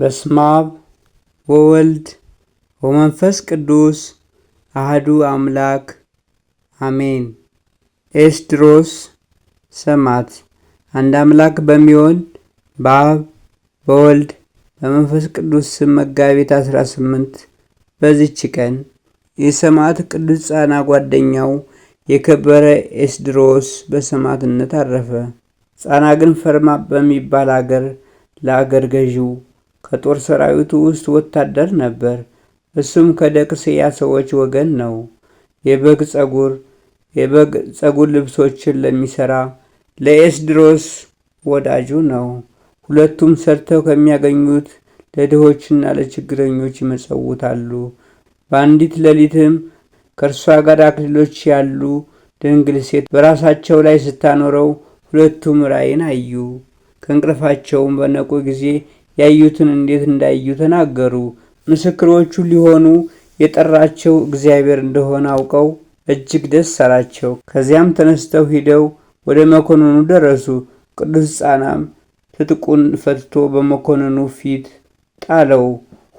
በስመ አብ ወወልድ ወመንፈስ ቅዱስ አህዱ አምላክ አሜን። ኤስድሮስ ሰማት አንድ አምላክ በሚሆን በአብ በወልድ በመንፈስ ቅዱስ ስም መጋቢት 18 በዚች ቀን የሰማዕት ቅዱስ ፃና ጓደኛው የከበረ ኤስድሮስ በሰማዕትነት አረፈ። ጻና ግን ፈርማ በሚባል አገር ለአገር ገዢው ከጦር ሰራዊቱ ውስጥ ወታደር ነበር። እሱም ከደቅስያ ሰዎች ወገን ነው። የበግ ጸጉር የበግ ጸጉር ልብሶችን ለሚሰራ ለኤስድሮስ ወዳጁ ነው። ሁለቱም ሰርተው ከሚያገኙት ለድሆችና ለችግረኞች ይመጸውታሉ። በአንዲት ሌሊትም ከእርሷ ጋር አክሊሎች ያሉ ድንግል ሴት በራሳቸው ላይ ስታኖረው ሁለቱም ራእይን አዩ። ከእንቅልፋቸውም በነቁ ጊዜ ያዩትን እንዴት እንዳዩ ተናገሩ። ምስክሮቹ ሊሆኑ የጠራቸው እግዚአብሔር እንደሆነ አውቀው እጅግ ደስ አላቸው። ከዚያም ተነስተው ሂደው ወደ መኮንኑ ደረሱ። ቅዱስ ሕፃናም ትጥቁን ፈትቶ በመኮንኑ ፊት ጣለው።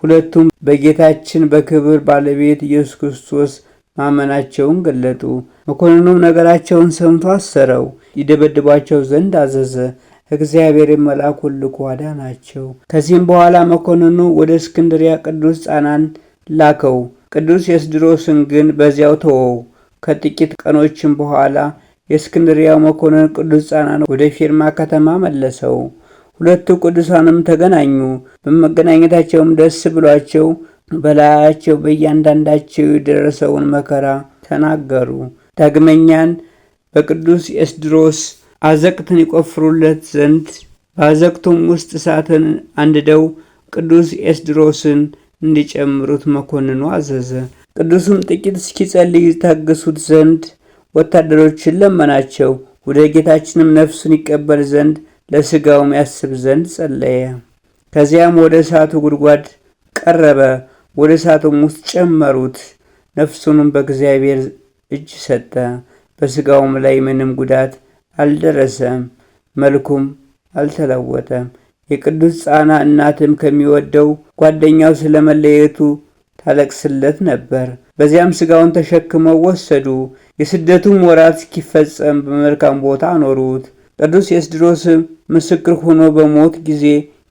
ሁለቱም በጌታችን በክብር ባለቤት ኢየሱስ ክርስቶስ ማመናቸውን ገለጡ። መኮንኑም ነገራቸውን ሰምቶ አሰረው፣ ይደበድቧቸው ዘንድ አዘዘ። እግዚአብሔር መልአኩን ልኮ አዳናቸው። ከዚህም በኋላ መኮንኑ ወደ እስክንድሪያ ቅዱስ ጻናን ላከው። ቅዱስ የስድሮስን ግን በዚያው ተወው። ከጥቂት ቀኖችም በኋላ የእስክንድሪያው መኮንን ቅዱስ ጻናን ወደ ፊርማ ከተማ መለሰው። ሁለቱ ቅዱሳንም ተገናኙ። በመገናኘታቸውም ደስ ብሏቸው በላያቸው በእያንዳንዳቸው የደረሰውን መከራ ተናገሩ። ዳግመኛን በቅዱስ ኤስድሮስ አዘቅትን ይቆፍሩለት ዘንድ በአዘቅቱም ውስጥ እሳትን አንድደው ቅዱስ ኤስድሮስን እንዲጨምሩት መኮንኑ አዘዘ። ቅዱሱም ጥቂት እስኪጸልይ ታገሱት ዘንድ ወታደሮችን ለመናቸው። ወደ ጌታችንም ነፍሱን ይቀበል ዘንድ ለሥጋውም ያስብ ዘንድ ጸለየ። ከዚያም ወደ እሳቱ ጉድጓድ ቀረበ። ወደ እሳቱም ውስጥ ጨመሩት። ነፍሱንም በእግዚአብሔር እጅ ሰጠ። በሥጋውም ላይ ምንም ጉዳት አልደረሰም፣ መልኩም አልተለወጠም። የቅዱስ ጻና እናትም ከሚወደው ጓደኛው ስለመለየቱ ታለቅስለት ነበር። በዚያም ስጋውን ተሸክመው ወሰዱ። የስደቱም ወራት እስኪፈጸም በመልካም ቦታ አኖሩት። ቅዱስ ኤስድሮስም ምስክር ሆኖ በሞት ጊዜ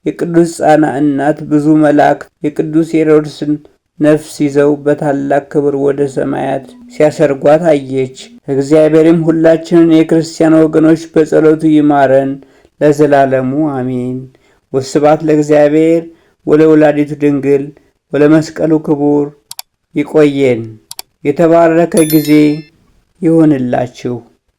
የቅዱስ ጻና እናት ብዙ መላእክት የቅዱስ ሄሮድስን ነፍስ ይዘው በታላቅ ክብር ወደ ሰማያት ሲያሰርጓት አየች። እግዚአብሔርም ሁላችንን የክርስቲያን ወገኖች በጸሎቱ ይማረን ለዘላለሙ አሜን። ወስባት ለእግዚአብሔር ወለወላዲቱ ድንግል ወለመስቀሉ ክቡር። ይቆየን። የተባረከ ጊዜ ይሆንላችሁ።